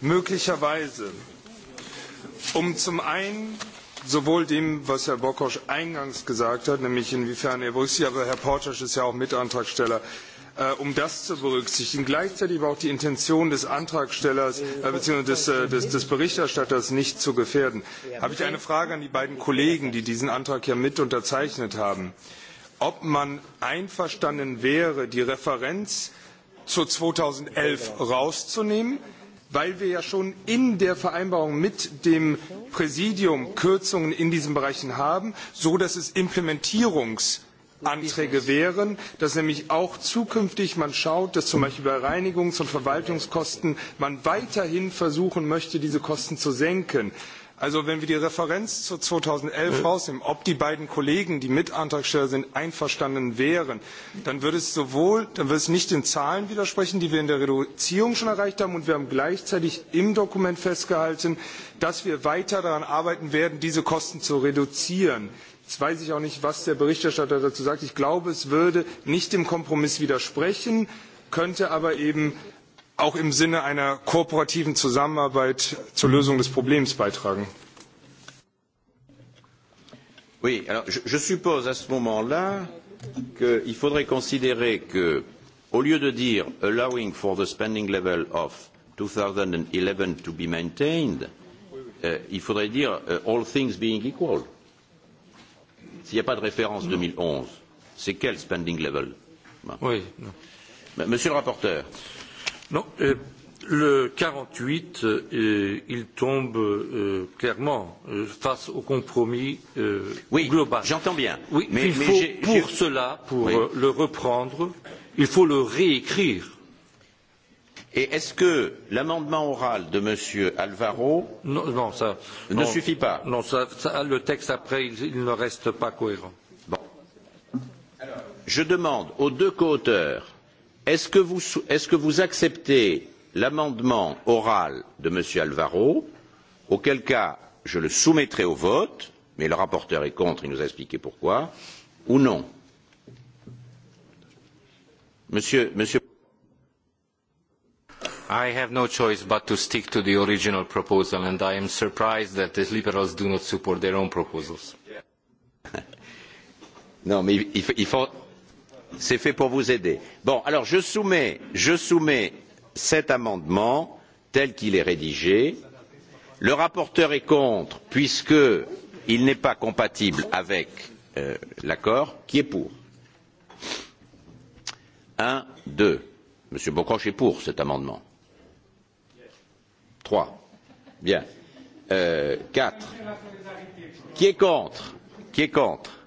Möglicherweise, um zum einen sowohl dem, was Herr Bokosch eingangs gesagt hat, nämlich inwiefern er berücksichtigt, aber Herr Portasch ist ja auch Mitantragsteller, äh, um das zu berücksichtigen. Gleichzeitig aber auch die Intention des Antragstellers äh, bzw. Des, äh, des, des Berichterstatters nicht zu gefährden. Habe ich eine Frage an die beiden Kollegen, die diesen Antrag ja mit unterzeichnet haben. Ob man einverstanden wäre, die Referenz zu 2011 rauszunehmen, weil wir ja schon in der Vereinbarung mit dem Präsidium Kürzungen in diesen Bereichen haben, so dass es Implementierungs Anträge wären, dass nämlich auch zukünftig man schaut, dass zum Beispiel bei Reinigungs- und Verwaltungskosten man weiterhin versuchen möchte, diese Kosten zu senken. Also wenn wir die Referenz zu 2011 äh. rausnehmen, ob die beiden Kollegen, die Mitantragsteller sind, einverstanden wären, dann würde es sowohl, dann würde es nicht den Zahlen widersprechen, die wir in der Reduzierung schon erreicht haben, und wir haben gleichzeitig im Dokument festgehalten, dass wir weiter daran arbeiten werden, diese Kosten zu reduzieren. Jetzt weiß ich auch nicht, was der Berichterstatter dazu sagt. Ich glaube, es würde nicht dem Kompromiss widersprechen, könnte aber eben auch im Sinne einer kooperativen Zusammenarbeit zur Lösung des Problems beitragen. Oui, alors je, je suppose à ce moment-là qu'il faudrait considérer que, au lieu de dire allowing for the spending level of 2011 to be maintained, euh, il faudrait dire euh, all things being equal. S'il n'y a pas de référence 2011, c'est quel spending level Oui. Non. Monsieur le rapporteur, euh, Non, euh, le 48, euh, il tombe euh, clairement euh, face au compromis euh, oui, global. J'entends bien. Oui, mais, il mais faut pour cela, pour oui. euh, le reprendre, il faut le réécrire. Et est-ce que l'amendement oral de M. Alvaro non, non, ça, ne non, suffit pas Non, ça, ça, le texte après, il, il ne reste pas cohérent. Bon. Alors, je demande aux deux coauteurs est ce que vous, est -ce que vous acceptez l'amendement oral de M. Alvaro, auquel cas je le soumettrai au vote, mais le rapporteur est contre, il nous a expliqué pourquoi, ou non Monsieur, monsieur I have no choice but to stick to the original proposal, and I am surprised that the liberals do not support their own proposals. [laughs] non, mais il, il, il faut, c'est fait pour vous aider. Bon, alors je soumets, je soumets cet amendement tel qu'il est rédigé. Le rapporteur est contre puisqu'il n'est pas compatible avec euh, l'accord. Qui est pour Un, deux. Monsieur Bocroche est pour cet amendement. Trois. Bien. Euh, quatre. Qui est contre Qui est contre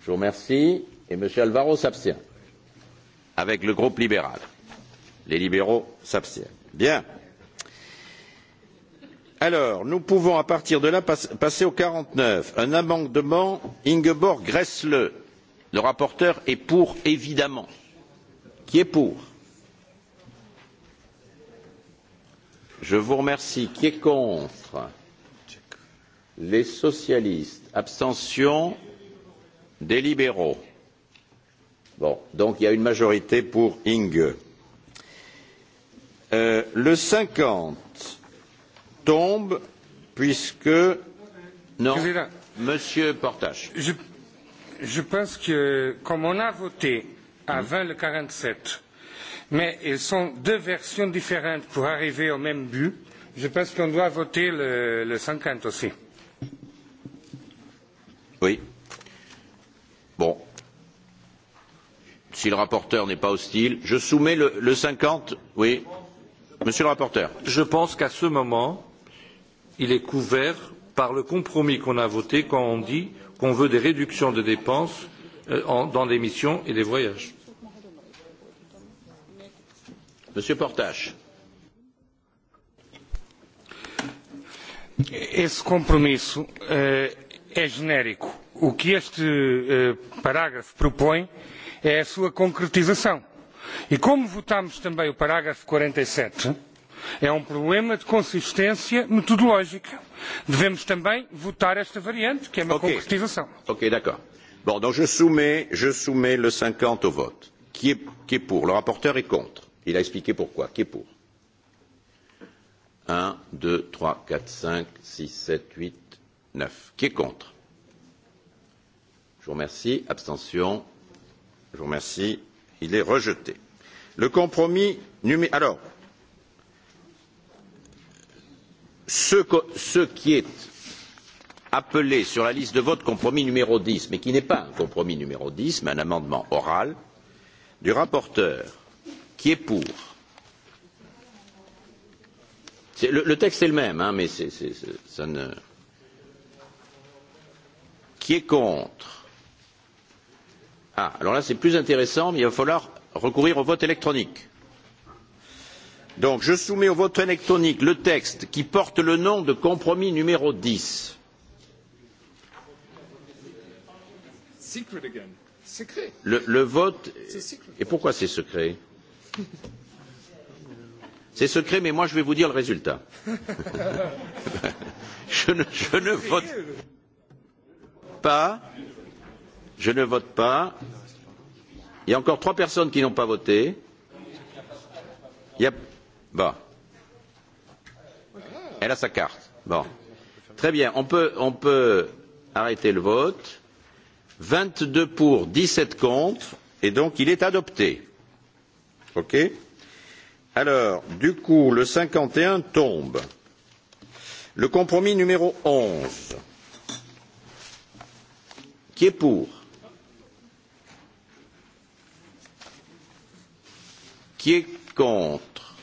Je vous remercie et M. Alvaro s'abstient. Avec le groupe libéral. Les libéraux s'abstiennent. Bien. Alors, nous pouvons à partir de là passer au 49. Un amendement Ingeborg Gressle. Le rapporteur est pour, évidemment. Qui est pour Je vous remercie. Qui est contre Les socialistes. Abstention des libéraux. Bon, donc il y a une majorité pour Inge. Euh, le 50 tombe puisque non. Président, Monsieur Portage. Je, je pense que comme on a voté avant hmm. mmh. le 47, mais ils sont deux versions différentes pour arriver au même but, je pense qu'on doit voter le, le 50 aussi. Oui. si le rapporteur n'est pas hostile, je soumets le, le 50. Oui, monsieur le rapporteur. Je pense qu'à ce moment, il est couvert par le compromis qu'on a voté quand on dit qu'on veut des réductions de dépenses euh, en, dans les missions et les voyages. Monsieur Portache. Esse compromisso eh, é genérico. O que este eh, parágrafo propõe eh, é a sua concretização. E como votámos também o parágrafo 47, e é um problema de consistência metodológica. Devemos também votar esta variante, que é uma okay. concretização. Ok, d'accord. Bon, donc je soumets, je soumets le 50 au vote. Qui est, qui est pour Le rapporteur est contre. Il a expliqué pourquoi. Qui est pour 1, 2, 3, 4, 5, 6, 7, 8, 9. Qui est contre Je vous remercie. Abstention Je vous remercie. Il est rejeté. Le compromis numéro. Alors, ce, ce qui est appelé sur la liste de vote compromis numéro 10, mais qui n'est pas un compromis numéro 10, mais un amendement oral du rapporteur, qui est pour est, le, le texte est le même, hein, mais c'est, c'est, ça ne. Qui est contre Ah, alors là, c'est plus intéressant, mais il va falloir recourir au vote électronique. Donc, je soumets au vote électronique le texte qui porte le nom de compromis numéro 10. Secret again. Secret. Le, le vote. Et pourquoi c'est secret C'est secret, mais moi je vais vous dire le résultat. [laughs] [laughs] je, ne, je ne vote pas je ne vote pas. Il y a encore trois personnes qui n'ont pas voté. Il y a... bon. Elle a sa carte. Bon. Très bien, on peut, on peut arrêter le vote. 22 pour, 17 contre, et donc il est adopté. OK Alors, du coup, le 51 tombe. Le compromis numéro 11. Qui est pour Qui est contre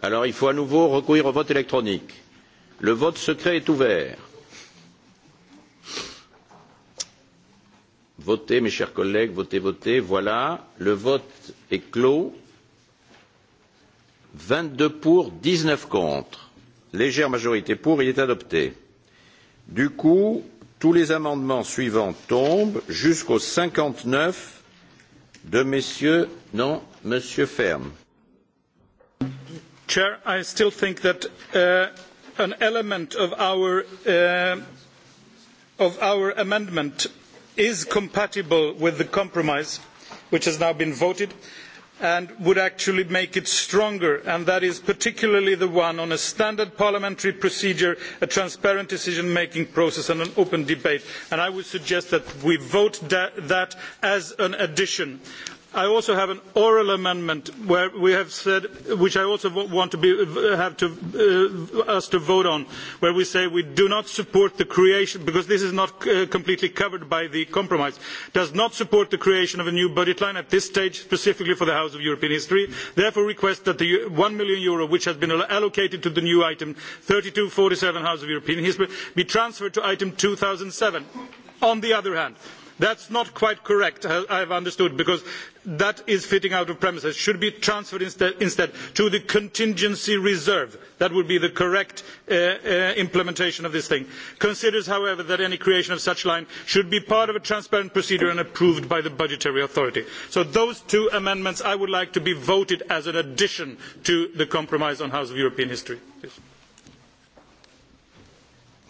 Alors il faut à nouveau recourir au vote électronique. Le vote secret est ouvert. Votez, mes chers collègues, votez, votez. Voilà, le vote est clos. 22 pour, 19 contre. Légère majorité pour, il est adopté. Du coup, tous les amendements suivants tombent jusqu'au 59 de messieurs non monsieur ferm chair i still think that uh, an element of our uh, of our amendment is compatible with the compromise which has now been voted on and would actually make it stronger and that is particularly the one on a standard parliamentary procedure a transparent decision making process and an open debate and i would suggest that we vote that as an addition. I also have an oral amendment where we have said, which I also want to be, have to, uh, us to vote on, where we say we do not support the creation, because this is not uh, completely covered by the compromise, does not support the creation of a new budget line at this stage, specifically for the House of European History. Therefore request that the 1 million euro, which has been allocated to the new item 3247 House of European History, be transferred to item 2007. On the other hand, that's not quite correct, I have understood, because that is fitting out of premises should be transferred instead, instead to the contingency reserve. That would be the correct uh, uh, implementation of this thing. Considers, however, that any creation of such line should be part of a transparent procedure and approved by the budgetary authority. So those two amendments I would like to be voted as an addition to the compromise on House of European History. Please.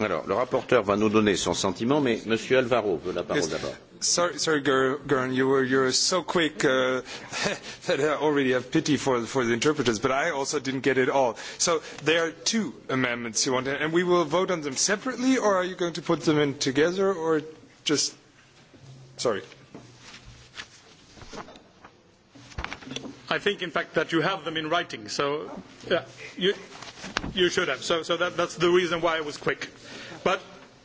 Alors, le rapporteur va nous donner son sentiment, mais M. Alvaro veut la parole yes. d'abord. Sorry, sorry, Gern, you were you were so quick uh, [laughs] that I already have pity for for the interpreters. But I also didn't get it all. So there are two amendments you want, to, and we will vote on them separately, or are you going to put them in together, or just? Sorry. I think, in fact, that you have them in writing. So, yeah, you you should have. So, so that, that's the reason why I was quick. But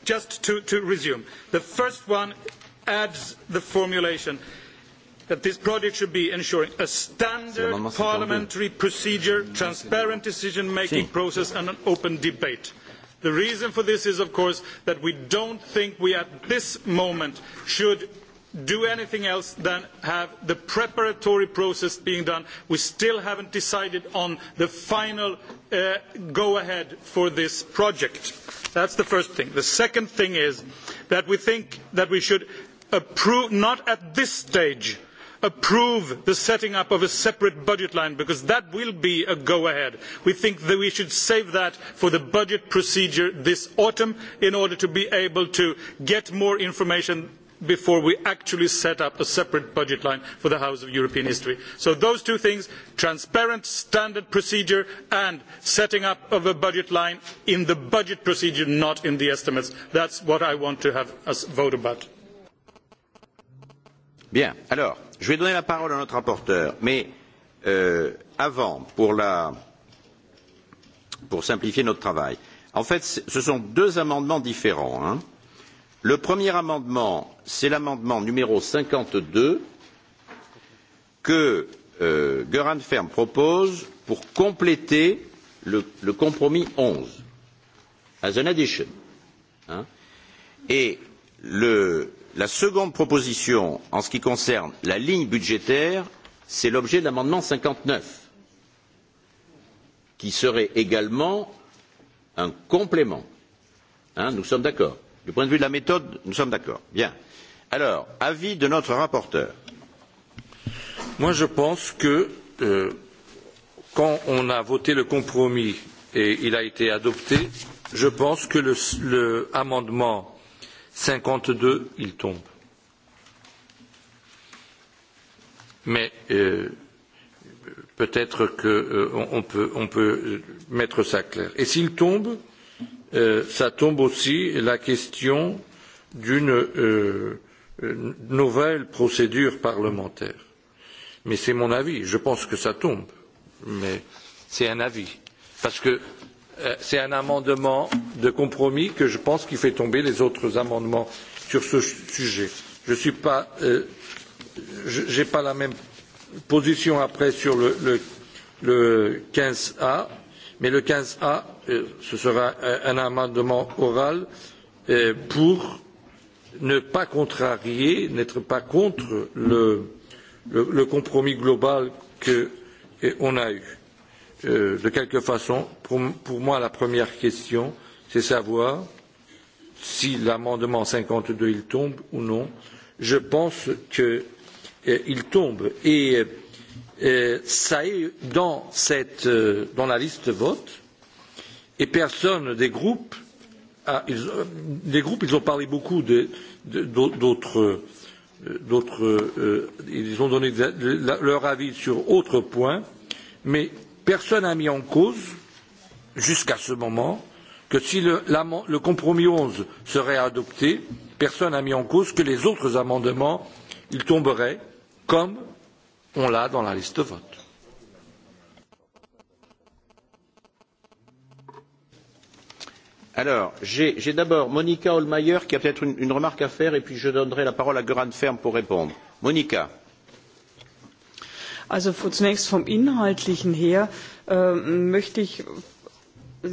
just to to resume, the first one adds the formulation that this project should be ensuring a standard parliamentary procedure, transparent decision-making si. process and an open debate. The reason for this is, of course, that we don't think we at this moment should do anything else than have the preparatory process being done. We still haven't decided on the final uh, go-ahead for this project. That's the first thing. The second thing is that we think that we should approve, not at this stage approve the setting up of a separate budget line because that will be a go ahead. We think that we should save that for the budget procedure this autumn in order to be able to get more information before we actually set up a separate budget line for the House of European History. So those two things, transparent standard procedure and setting up of a budget line in the budget procedure, not in the estimates. That's what I want to have us vote about. Bien. Alors, je vais donner la parole à notre rapporteur, mais euh, avant, pour, la, pour simplifier notre travail, en fait, ce sont deux amendements différents. Hein. Le premier amendement, c'est l'amendement numéro 52 que euh, Göran Ferm propose pour compléter le, le compromis 11, as an addition. Hein. Et le, La seconde proposition, en ce qui concerne la ligne budgétaire, c'est l'objet de l'amendement 59, qui serait également un complément. Hein, nous sommes d'accord. Du point de vue de la méthode, nous sommes d'accord. Bien. Alors, avis de notre rapporteur. Moi, je pense que euh, quand on a voté le compromis et il a été adopté, je pense que l'amendement cinquante deux il tombe. Mais euh, peut être qu'on euh, on peut, on peut mettre ça clair. Et s'il tombe, euh, ça tombe aussi la question d'une euh, euh, nouvelle procédure parlementaire. Mais c'est mon avis. Je pense que ça tombe, mais c'est un avis. Parce que Euh, c'est un amendement de compromis que je pense qui fait tomber les autres amendements sur ce sujet. Je n'ai pas, euh, pas la même position après sur le, le, le 15A, mais le 15A, euh, ce sera un, un amendement oral euh, pour ne pas contrarier, n'être pas contre le, le, le compromis global qu'on euh, a eu. Euh, euh, de quelque façon. Pour, pour moi, la première question, c'est savoir si l'amendement 52 il tombe ou non. Je pense qu'il euh, tombe et euh, ça est dans, cette, euh, dans la liste vote et personne des groupes ah, ils, les euh, groupes ils ont parlé beaucoup de, de, d'autres euh, d'autres euh, ils ont donné de, de, de, leur avis sur autres points mais personne n'a mis en cause, jusqu'à ce moment, que si le, le compromis 11 serait adopté, personne n'a mis en cause que les autres amendements, ils tomberaient comme on l'a dans la liste de vote. Alors, j'ai d'abord Monica Holmeyer qui a peut-être une, une remarque à faire et puis je donnerai la parole à Göran Ferm pour répondre. Monica. Euh, Also zunächst vom Inhaltlichen her äh, möchte ich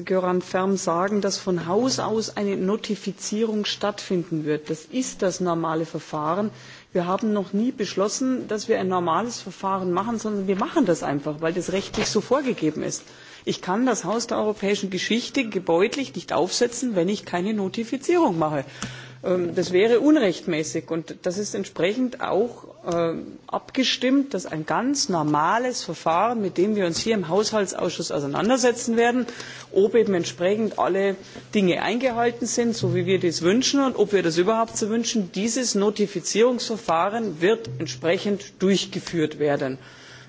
Göran Färm sagen, dass von Haus aus eine Notifizierung stattfinden wird. Das ist das normale Verfahren. Wir haben noch nie beschlossen, dass wir ein normales Verfahren machen, sondern wir machen das einfach, weil das rechtlich so vorgegeben ist. Ich kann das Haus der europäischen Geschichte gebäudlich nicht aufsetzen, wenn ich keine Notifizierung mache. Ähm, das wäre unrechtmäßig und das ist entsprechend auch ähm, abgestimmt, dass ein ganz normales Verfahren, mit dem wir uns hier im Haushaltsausschuss auseinandersetzen werden, ob eben entsprechend alle Dinge eingehalten sind, so wie wir dies wünschen und ob wir das überhaupt so wünschen, dieses Notifizierungsverfahren wird entsprechend durchgeführt werden.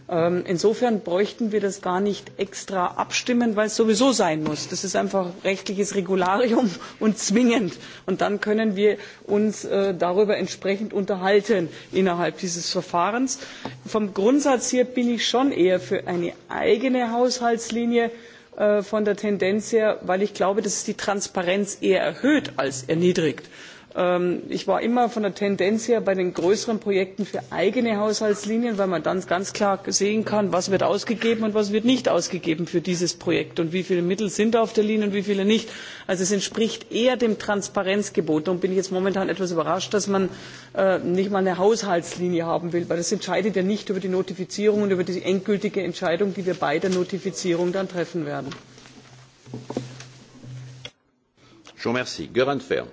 Ähm, insofern bräuchten wir das gar nicht extra abstimmen, weil es sowieso sein muss. Das ist einfach rechtliches Regularium [laughs] und zwingend. Und dann können wir uns äh, darüber entsprechend unterhalten innerhalb dieses Verfahrens. Vom Grundsatz her bin ich schon eher für eine eigene Haushaltslinie äh, von der Tendenz her, weil ich glaube, dass es die Transparenz eher erhöht als erniedrigt. Äh, Ähm, ich war immer von der Tendenz her bei den größeren Projekten für eigene Haushaltslinien, weil man dann ganz klar sehen kann, was wird ausgegeben und was wird nicht ausgegeben für dieses Projekt und wie viele Mittel sind auf der Linie und wie viele nicht. Also es entspricht eher dem Transparenzgebot. Darum bin ich jetzt momentan etwas überrascht, dass man äh, nicht mal eine Haushaltslinie haben will, weil das entscheidet ja nicht über die Notifizierung und über die endgültige Entscheidung, die wir bei der Notifizierung dann treffen werden. Je vous remercie. Göran Ferm.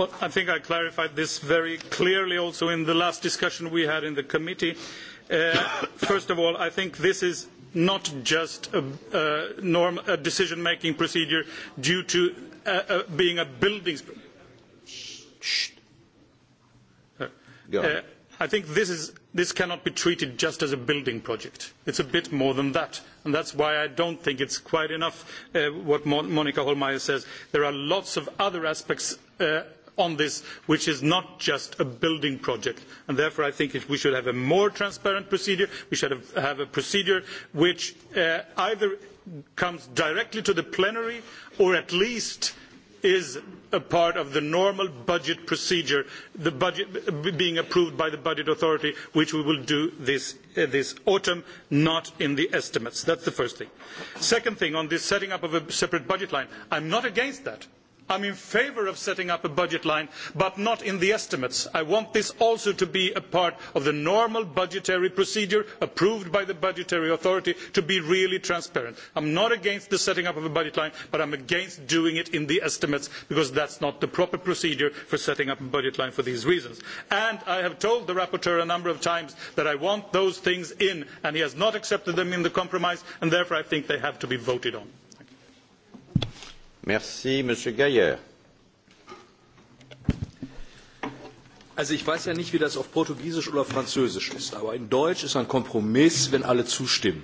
Well, I think I clarified this very clearly also in the last discussion we had in the committee. Uh, first of all, I think this is not just a, a, norm, a decision-making procedure due to uh, uh, being a buildings. Shh. shh. Uh, Go on. Uh, I think this, is, this cannot be treated just as a building project. It's a bit more than that. And that's why I don't think it's quite enough uh, what Mon Monica Holmeyer says. There are lots of other aspects uh, on this which is not just a building project and therefore i think we should have a more transparent procedure we should have a procedure which uh, either comes directly to the plenary or at least is a part of the normal budget procedure the budget being approved by the budget authority which we will do this uh, this autumn not in the estimates that's the first thing second thing on the setting up of a separate budget line i'm not against that i am in favour of setting up a budget line but not in the estimates. i want this also to be a part of the normal budgetary procedure approved by the budgetary authority to be really transparent. i am not against the setting up of a budget line but i am against doing it in the estimates because that is not the proper procedure for setting up a budget line for these reasons. And i have told the rapporteur a number of times that i want those things in and he has not accepted them in the compromise and therefore i think they have to be voted on. Merci, Monsieur Gaillard. Also ich weiß ja nicht, wie das auf Portugiesisch oder Französisch ist, aber in Deutsch ist ein Kompromiss, wenn alle zustimmen.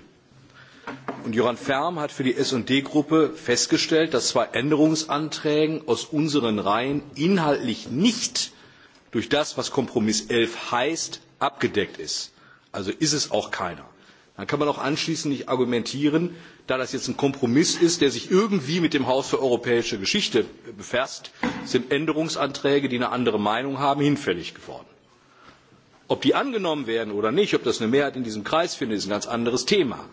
Und Joran Färm hat für die S&D-Gruppe festgestellt, dass zwei Änderungsanträgen aus unseren Reihen inhaltlich nicht durch das, was Kompromiss 11 heißt, abgedeckt ist. Also ist es auch keiner. Dann kann man auch anschließend nicht argumentieren, da das jetzt ein Kompromiss ist, der sich irgendwie mit dem Haus für europäische Geschichte befasst, sind Änderungsanträge, die eine andere Meinung haben, hinfällig geworden. Ob die angenommen werden oder nicht, ob das eine Mehrheit in diesem Kreis findet, ist ein ganz anderes Thema.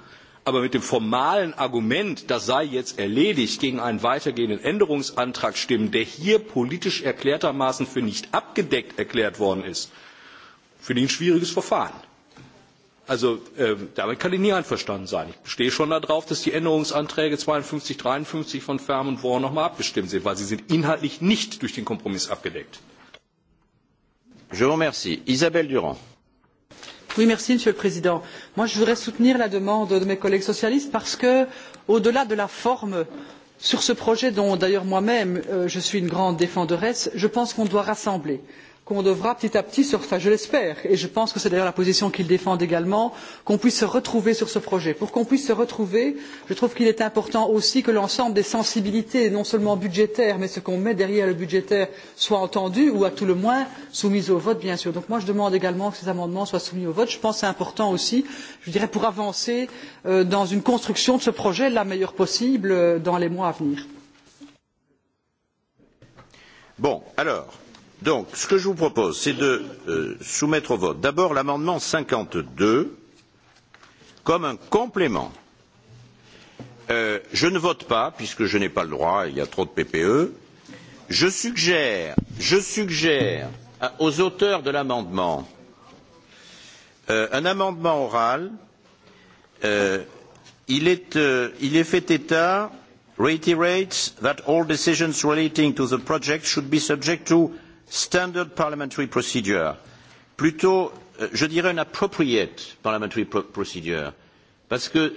Aber mit dem formalen Argument, das sei jetzt erledigt, gegen einen weitergehenden Änderungsantrag stimmen, der hier politisch erklärtermaßen für nicht abgedeckt erklärt worden ist, finde ich ein schwieriges Verfahren. Also ähm, damit kann ich nie einverstanden sein. Ich bestehe schon darauf, dass die Änderungsanträge 52, 53 von Färm und Warren nochmal abgestimmt sind, weil sie sind inhaltlich nicht durch den Kompromiss abgedeckt. Je vous remercie. Isabelle Durand. Oui, merci, Monsieur le Président. Moi, je voudrais soutenir la demande de mes collègues socialistes parce que, au-delà de la forme, sur ce projet dont d'ailleurs moi-même euh, je suis une grande défenderesse, je pense qu'on doit rassembler. Euh, qu'on devra petit à petit, enfin je l'espère, et je pense que c'est d'ailleurs la position qu'ils défendent également, qu'on puisse se retrouver sur ce projet. Pour qu'on puisse se retrouver, je trouve qu'il est important aussi que l'ensemble des sensibilités, non seulement budgétaires, mais ce qu'on met derrière le budgétaire, soit entendu ou à tout le moins soumises au vote, bien sûr. Donc moi je demande également que ces amendements soient soumis au vote. Je pense que c'est important aussi, je dirais, pour avancer euh, dans une construction de ce projet la meilleure possible euh, dans les mois à venir. Bon, alors, Donc, ce que je vous propose, c'est de euh, soumettre au vote d'abord l'amendement 52 comme un complément. Euh, je ne vote pas, puisque je n'ai pas le droit, il y a trop de PPE. Je suggère, je suggère à, aux auteurs de l'amendement euh, un amendement oral. Euh, il, est, euh, il est fait état reiterates that all decisions relating to the project should be subject to standard parliamentary procedure, plutôt, euh, je dirais, une appropriate parliamentary procedure, parce qu'une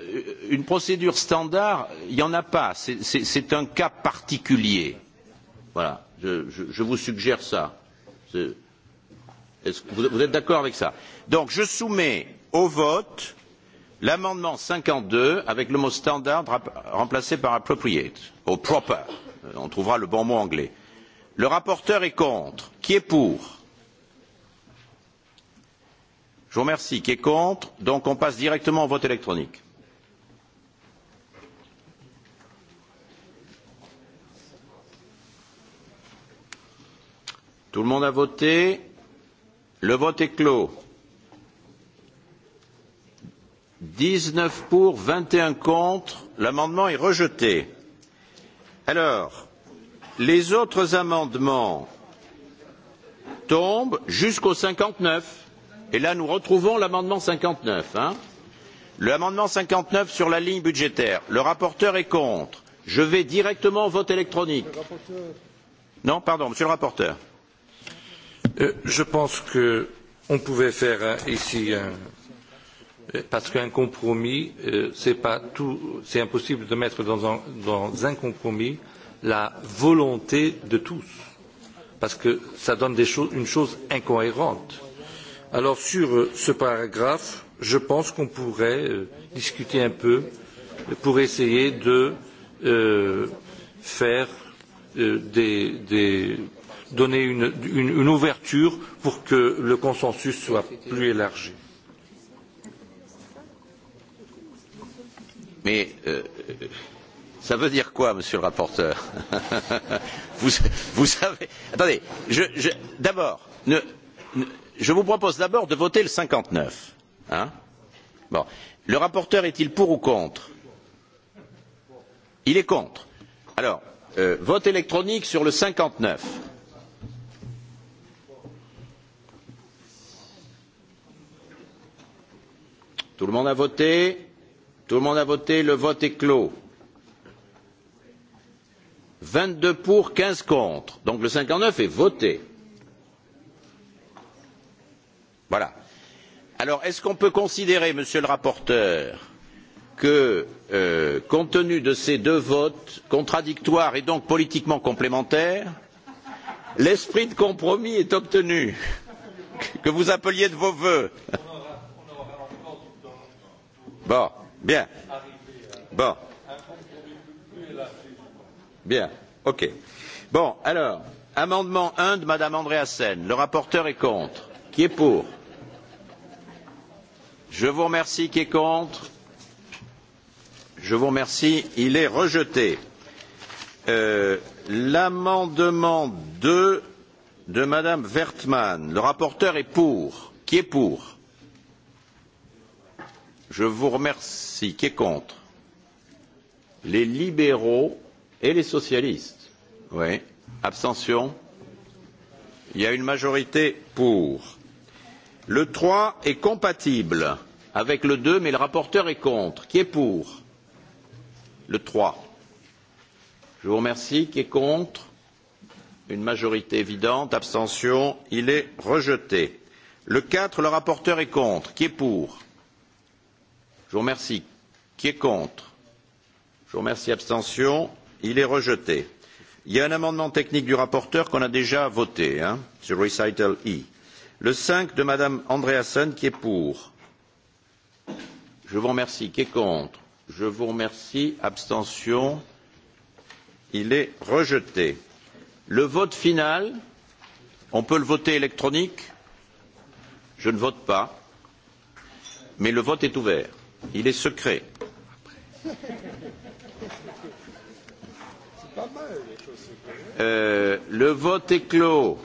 euh, procédure standard, il n'y en a pas. C'est un cas particulier. Voilà, je, je, je vous suggère ça. Est-ce est que vous, vous êtes d'accord avec ça Donc, je soumets au vote l'amendement 52 avec le mot standard remplacé par appropriate, ou proper. Euh, on trouvera le bon mot anglais le rapporteur est contre qui est pour? je vous remercie qui est contre? donc on passe directement au vote électronique. tout le monde a voté le vote est clos dix neuf pour vingt et un contre l'amendement est rejeté. alors les autres amendements tombent jusqu'au cinquante neuf et là nous retrouvons l'amendement cinquante neuf l'amendement cinquante neuf sur la ligne budgétaire le rapporteur est contre je vais directement au vote électronique non pardon monsieur le rapporteur euh, je pense que on pouvait faire euh, ici un euh, parce qu'un compromis, euh, c'est pas tout, c'est impossible de mettre dans un, dans un compromis la volonté de tous, parce que ça donne des choses, une chose incohérente. Alors sur euh, ce paragraphe, je pense qu'on pourrait euh, discuter un peu pour essayer de euh, faire euh, des, des donner une, une, une ouverture pour que le consensus soit plus élargi. Mais euh, euh Ça veut dire quoi, monsieur le rapporteur [laughs] vous, vous savez. Attendez, je, je, d'abord, ne, ne, je vous propose d'abord de voter le 59. Hein bon. Le rapporteur est-il pour ou contre Il est contre. Alors, euh, vote électronique sur le 59. Tout le monde a voté Tout le monde a voté Le vote est clos vingt deux pour quinze contre donc le cinquante neuf est voté. voilà. alors est ce qu'on peut considérer monsieur le rapporteur que euh, compte tenu de ces deux votes contradictoires et donc politiquement complémentaires l'esprit de compromis est obtenu que vous appeliez de vos vœux? bon bien bon Bien, ok. Bon, alors, amendement 1 de Madame Andréassen. Le rapporteur est contre. Qui est pour Je vous remercie. Qui est contre Je vous remercie. Il est rejeté. Euh, L'amendement 2 de Madame Wertmann. Le rapporteur est pour. Qui est pour Je vous remercie. Qui est contre Les libéraux et les socialistes. Oui. Abstention. Il y a une majorité pour. Le 3 est compatible avec le 2, mais le rapporteur est contre. Qui est pour Le 3. Je vous remercie. Qui est contre Une majorité évidente. Abstention. Il est rejeté. Le 4, le rapporteur est contre. Qui est pour Je vous remercie. Qui est contre Je vous remercie. Abstention il est rejeté. il y a un amendement technique du rapporteur qu'on a déjà voté hein, sur recital e. le cinq de mme andreasen qui est pour je vous remercie qui est contre je vous remercie abstention il est rejeté. le vote final on peut le voter électronique je ne vote pas mais le vote est ouvert il est secret. Euh, le vote est clos.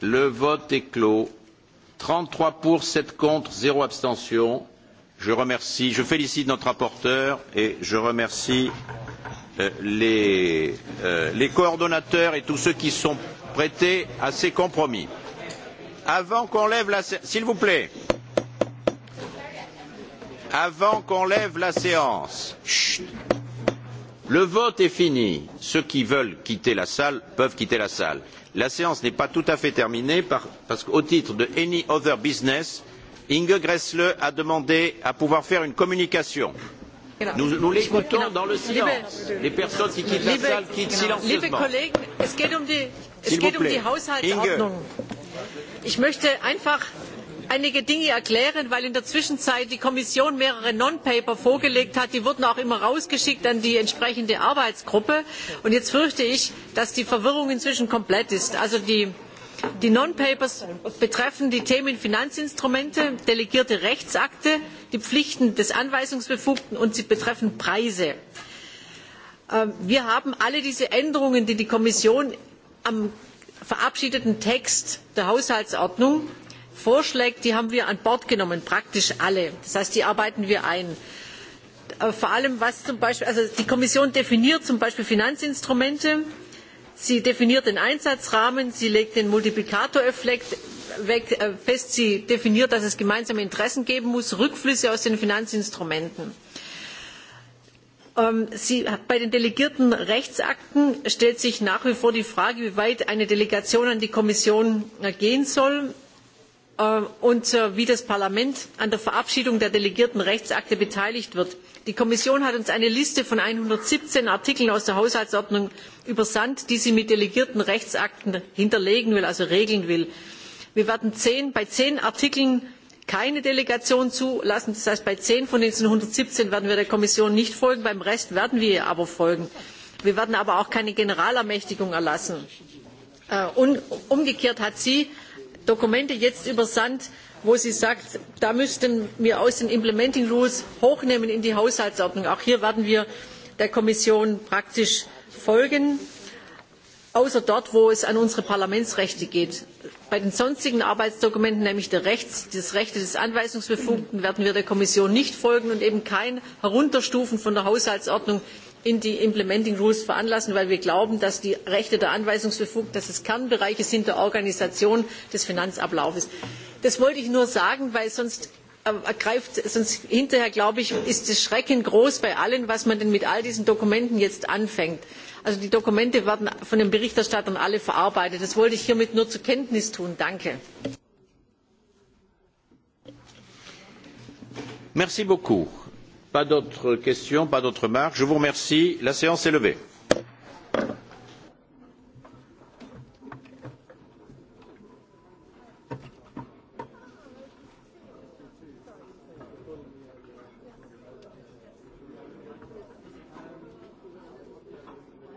Le vote est clos. 33 pour, 7 contre, 0 abstention. Je remercie, je félicite notre rapporteur et je remercie euh, les, euh, les coordonnateurs et tous ceux qui sont prêtés à ces compromis. Avant qu'on lève la s'il vous plaît. Avant qu'on lève la séance. Chut le vote est fini ceux qui veulent quitter la salle peuvent quitter la salle. la séance n'est pas tout à fait terminée par, parce qu'au titre de any other business inge grässle a demandé à pouvoir faire une communication. Nous, nous l'écoutons dans le silence. Liebe, Les personnes qui quittent liebe, la salle quittent silencieusement. Liebe Kollegen, es geht um die, es geht um die Haushaltsordnung. Inge. Ich möchte einfach einige Dinge erklären, weil in der Zwischenzeit die Kommission mehrere Non-Paper vorgelegt hat. Die wurden auch immer rausgeschickt an die entsprechende Arbeitsgruppe. Und jetzt fürchte ich, dass die Verwirrung inzwischen komplett ist. Also die, die non papers betreffen die themen finanzinstrumente delegierte rechtsakte die pflichten des anweisungsbefugten und sie betreffen preise. Ähm, wir haben alle diese änderungen die die kommission am verabschiedeten text der haushaltsordnung vorschlägt die haben wir an bord genommen praktisch alle. das heißt die arbeiten wir ein. Äh, vor allem was zum beispiel also die kommission definiert zum beispiel finanzinstrumente sie definiert den einsatzrahmen sie legt den multiplikatoreffekt weg, äh, fest sie definiert dass es gemeinsame interessen geben muss rückflüsse aus den finanzinstrumenten. Ähm, sie, bei den delegierten rechtsakten stellt sich nach wie vor die frage wie weit eine delegation an die kommission äh, gehen soll Äh, und äh, wie das parlament an der verabschiedung der delegierten rechtsakte beteiligt wird. die kommission hat uns eine liste von einhundertsiebzehn artikeln aus der haushaltsordnung übersandt die sie mit delegierten rechtsakten hinterlegen will also regeln will. wir werden zehn, bei zehn artikeln keine delegation zulassen das heißt bei zehn von diesen einhundertsiebzehn werden wir der kommission nicht folgen beim rest werden wir ihr aber folgen. wir werden aber auch keine generalermächtigung erlassen. Äh, und umgekehrt hat sie Dokumente jetzt übersandt, wo sie sagt, da müssten wir aus den Implementing Rules hochnehmen in die Haushaltsordnung. Auch hier werden wir der Kommission praktisch folgen, außer dort, wo es an unsere Parlamentsrechte geht. Bei den sonstigen Arbeitsdokumenten, nämlich der Rechts, des Rechte des Anweisungsbefugten, werden wir der Kommission nicht folgen und eben kein Herunterstufen von der Haushaltsordnung in die Implementing Rules veranlassen, weil wir glauben, dass die Rechte der Anweisungsbefugnis, dass es Kernbereiche sind der Organisation des Finanzablaufes. Das wollte ich nur sagen, weil sonst ergreift äh, sonst hinterher glaube ich ist das Schrecken groß bei allen, was man denn mit all diesen Dokumenten jetzt anfängt. Also die Dokumente werden von den Berichterstattern alle verarbeitet. Das wollte ich hiermit nur zur Kenntnis tun. Danke. Merci beaucoup pas d'autres questions pas d'autres remarques je vous remercie la séance est levée.